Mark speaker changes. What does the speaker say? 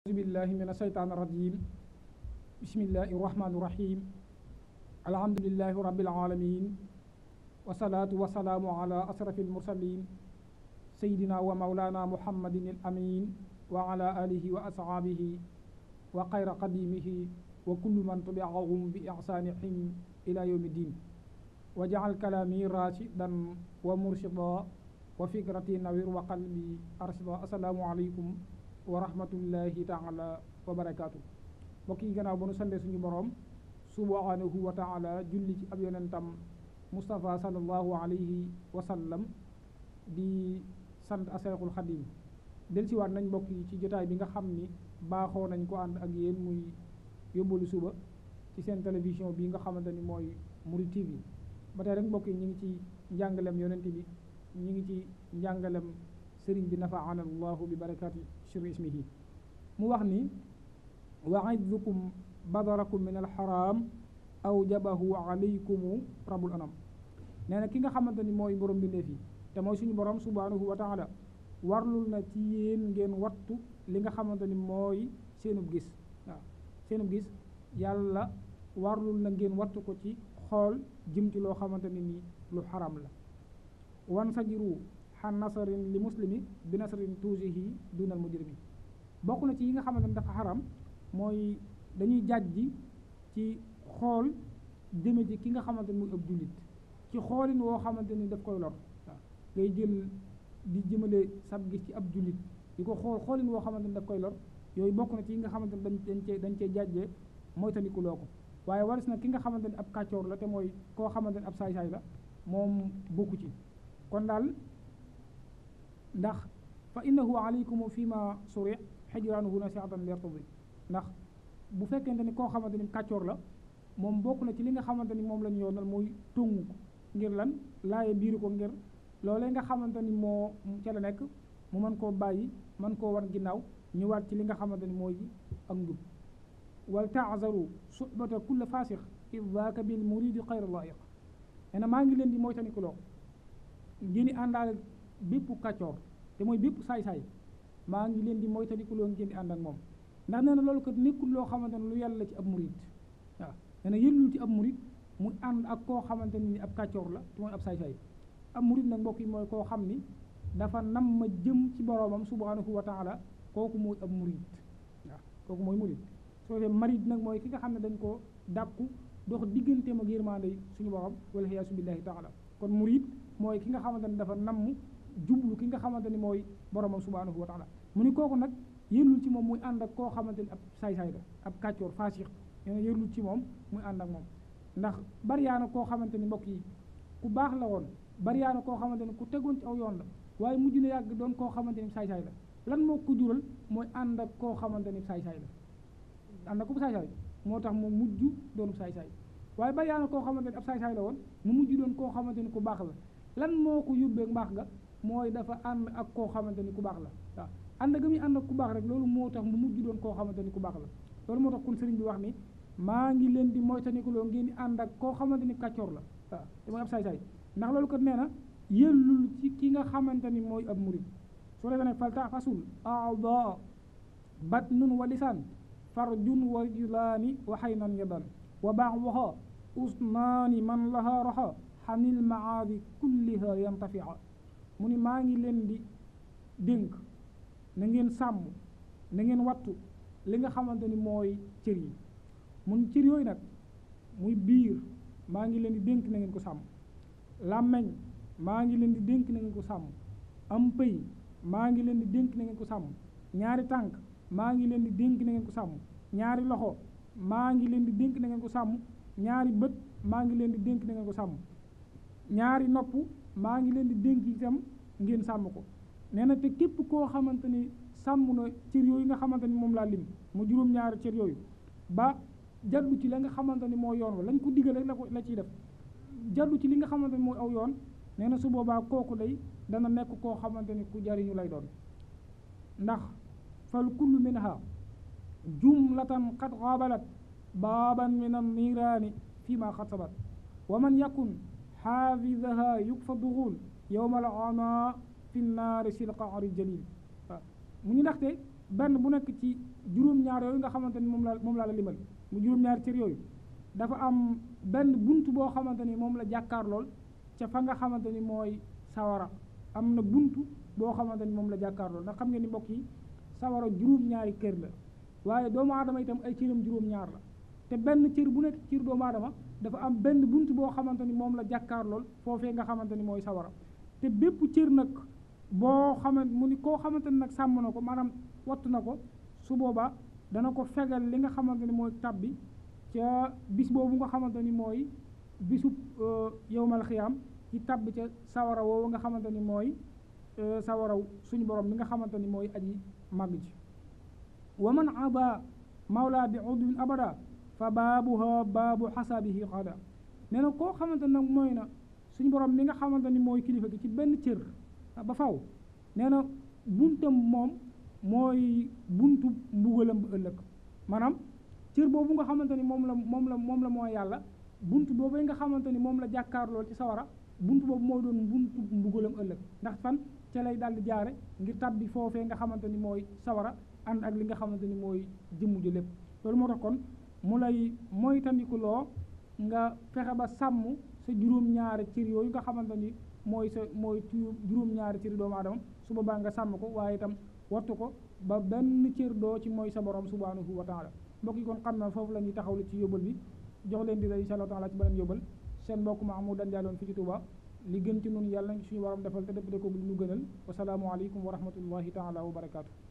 Speaker 1: أعوذ بالله من الشيطان الرجيم بسم الله الرحمن الرحيم الحمد لله رب العالمين والصلاة والسلام على أشرف المرسلين سيدنا ومولانا محمد الأمين وعلى آله وأصحابه وخير قديمه وكل من تبعهم بإحسانهم إلى يوم الدين وجعل كلامي راشدا ومرشدا وفكرتي نوير وقلبي أرشدا السلام عليكم wa rahmatullahi taala wa barakaatu mbokk yi gannaaw ba nu sandee suñu boroom subhanahu wa taala julli ci ab yonentam Moustapha sallallahu alayhi wa sallam di sant asayxul xadim del siwaat nañ mbokk yi ci jotaay bi nga xam ni baaxoo nañ ko ànd ak yéen muy yóbbalu suba ci seen télévision bi nga xamante ni mooy Mouride TV ba tey rek mbokk yi ñu ngi ci njàngalem yonent bi ñu ngi ci njàngalem sëriñ bi nafaanallahu bi barakaati sur ismihi mu wax ni wa izzukum badarakum min aw awjabahu alaykumu rabul anam nee na ki nga xamante ni mooy borom bindéef yi te mooy suñu borom subhanahu wa taala warlul na ci yéen ngeen wattu li nga xamante ni mooy seenu gis waaw seenub gis yàlla warlul na ngeen wattu ko ci xool jëm ci loo xamante ni nii lu xaram la wan sajiru xan nasarin li muslimi bi nasarin tuujihi dunal mujrimi bokk na ci yi nga xamante ne dafa xaram mooy dañuy jaaj ji ci xool jëme ci ki nga xamante ne muy ëpp jullit ci xoolin woo xamante ni daf koy lor waaw ngay jël di jëmale sab gis ci ab jullit di ko xool xoolin woo xamante ni daf koy lor yooyu bokk na ci yi nga xamante ne dañ dañ cee dañ cee jàjjee mooy ko waaye waris na ki nga xamante ne ab kàccoor la te mooy koo xamante ne ab saay-saay la moom bokku ci kon daal ndax fa innahu alaykum fima suri xijraanuhu nasiatan lertadi ndax bu fekkente ni koo xamante ni kàccoor la moom bokk na ci li nga xamante ni moom la ñu yoonal mooy tungu ngir lan laaye biiru ko ngir loolee nga xamante ni moo ca la nekk mu mën koo bàyyi mën koo war ginnaaw ñëwaat ci li nga xamante ni mooy ak njub wal taazaru suhbata kulla fasix id bil muridi xayra laiq nee na maa ngi leen di mooy tanikuloo ngeen di bépp kàccoor te mooy bépp saay-saay maa ngi leen di moytandikuloo ngeen di ànd ak moom ndax nee na loolu ko nekkul loo xamante ne lu yàlla ci ab murit waaw nee na yëllul ci ab murit mu ànd ak koo xamante ni ab kaccoor la te mooy ab saay-saay ab murit nag mbokk yi mooy koo xam ni dafa nam ma jëm ci boroomam subhanahu wa taala kooku mooy ab murit waaw kooku mooy murit soo defee marit nag mooy ki nga xam ne dañ koo dàkku dox digganteem ak yërmande suñu borom wala xiyaasu billahi taala kon murit mooy ki nga xamante ne dafa namm jublu ki nga xamante ni mooy boromam subhanahu tax la mu ne kooku nag yërlul ci moom muy ànd ak koo xamante ni ab saay-saay la ab kàccoor faasix nee na yërlul ci moom muy ànd ak moom ndax bariyaana koo xamante ni mbokk yi ku baax la woon bariyaana koo xamante ni ku tegoon ci aw yoon la waaye mujj na yàgg doon koo xamante ni saay la lan moo ko jural mooy ànd ak koo xamante ni saay-saay ànd ak ko saay moo tax mu mujj doon saay-saay waaye bariyaana koo xamante ni ab saay la woon mu mujj doon koo xamante ni ku baax la lan moo ko yóbbee mbaax nga mooy dafa ànd ak koo xamante ni ku baax la waaw ànd ga muy ànd ak ku baax rek loolu moo tax mu mujj doon koo xamante ni ku baax la loolu moo tax kon sëriñ bi wax ni maa ngi leen di moytandikuloo ngeen di ànd ak koo xamante ni kàccoor la waaw te mooy ab saay-saay ndax loolu kat nee na yëllul ci ki nga xamante ni mooy ab murid soo defee nag falta fasul bat nun wa lisaan farjun wa rijlaani wa xaynan yadan wa baax waxa usnaani man laha raxa xanil maadi kulliha yantafica mu ni maa ngi leen di dénk na ngeen sàmm na ngeen wattu li nga xamante ni mooy cër yi mun cër yooyu nag muy biir maa ngi leen di dénk na ngeen ko sàmm làmmeñ maa ngi leen di dénk na ngeen ko sàmm am pëy maa ngi leen di dénk na ngeen ko sàmm ñaari tànk maa ngi leen di dénk na ngeen ko sàmm ñaari loxo maa ngi leen di dénk na ngeen ko sàmm ñaari bët maa ngi leen di dénk na ngeen ko sàmm ñaari nopp maa ngi leen di dénk itam ngeen sàmm ko nee na te képp koo xamante ni sàmm na cër yi nga xamante ni moom laa lim mu juróom-ñaari cër yooyu ba jàllu ci la nga xamante ni moo yoon wa lañ ko digal rek la ko la ciy def jàllu ci li nga xamante ni mooy aw yoon nee na su boobaa kooku day dana nekk koo xamante ni ku jariñu lay doon ndax fal kullu minha jumlatan qad xaabalat baaban min an niiraani fii maa xat sabat wa man yakun حافظها يكفى الدخول يوم العماء في النار سلق عري الجليل مني نخت بن بنك تي جروم نيار يوغا خامتاني موم لا موم لا ليمال مو جروم نيار تي يوي دا فا ام بن بونت بو خامتاني موم لا جاكار لول تي فاغا خامتاني موي ساورا ام نا بونت بو خامتاني موم لا جاكار لول دا خامغي ني مبوكي ساورا جروم نياري كير لا واي دوما ادم ايتام اي تيرم جروم نيار لا te benn cër bu nekk cër doomu aadama dafa am benn bunt boo xamante ni moom la jàkkaar lool foofee nga xamante ni mooy sawara te bépp cër nag boo xamante mu ni koo xamante ni nag sàmm na ko maanaam wattu na ko su boobaa dana ko fegal li nga xamante ni mooy tab bi ca bis boobu nga xamante ni mooy yowmal xiyaam ci tab ca sawara woowu nga xamante ni mooy sawara suñu borom mi nga xamante ni mooy aji màgg ci wa man aba maula bi udwin abada fa baabuha baabu xasabihi xada nee na koo xamante nag mooy na suñu borom mi nga xamante ni mooy kilifa gi ci benn cër ba faw nee na buntam moom mooy buntu mbugalam bu ëllëg maanaam cër boobu nga xamante ni moom la moom la moom la mooy yàlla buntu boobu nga xamante ni moom la jàkkaarloo ci sawara buntu boobu moo doon buntu mbugalam ëllëg ndax fan ca lay daal di jaare ngir tàbbi foofee nga xamante ni mooy sawara ànd ak li nga xamante ni mooy jëmm ji lépp loolu moo tax kon mu lay loo nga fexe ba sàmm sa juróom-ñaari cër yooyu nga xamante ni mooy sa mooy juróom-ñaari cër doomu aadama su boobaa nga sàmm ko waaye itam wattu ko ba benn cër doo ci mooy sa borom subhanahu wa taala mbokk yi kon xam na foofu la taxaw taxawlu ci yóbbal bi jox leen di la incha allah taala ci beneen yóbbal seen mbokk Mahmoud dañ daaloon fi ci Touba li gën ci nun yàlla nañ suñu waram defal te dëppale ko lu gënal wasalaamualeykum wa rahmatullahi taala wa barakaatu.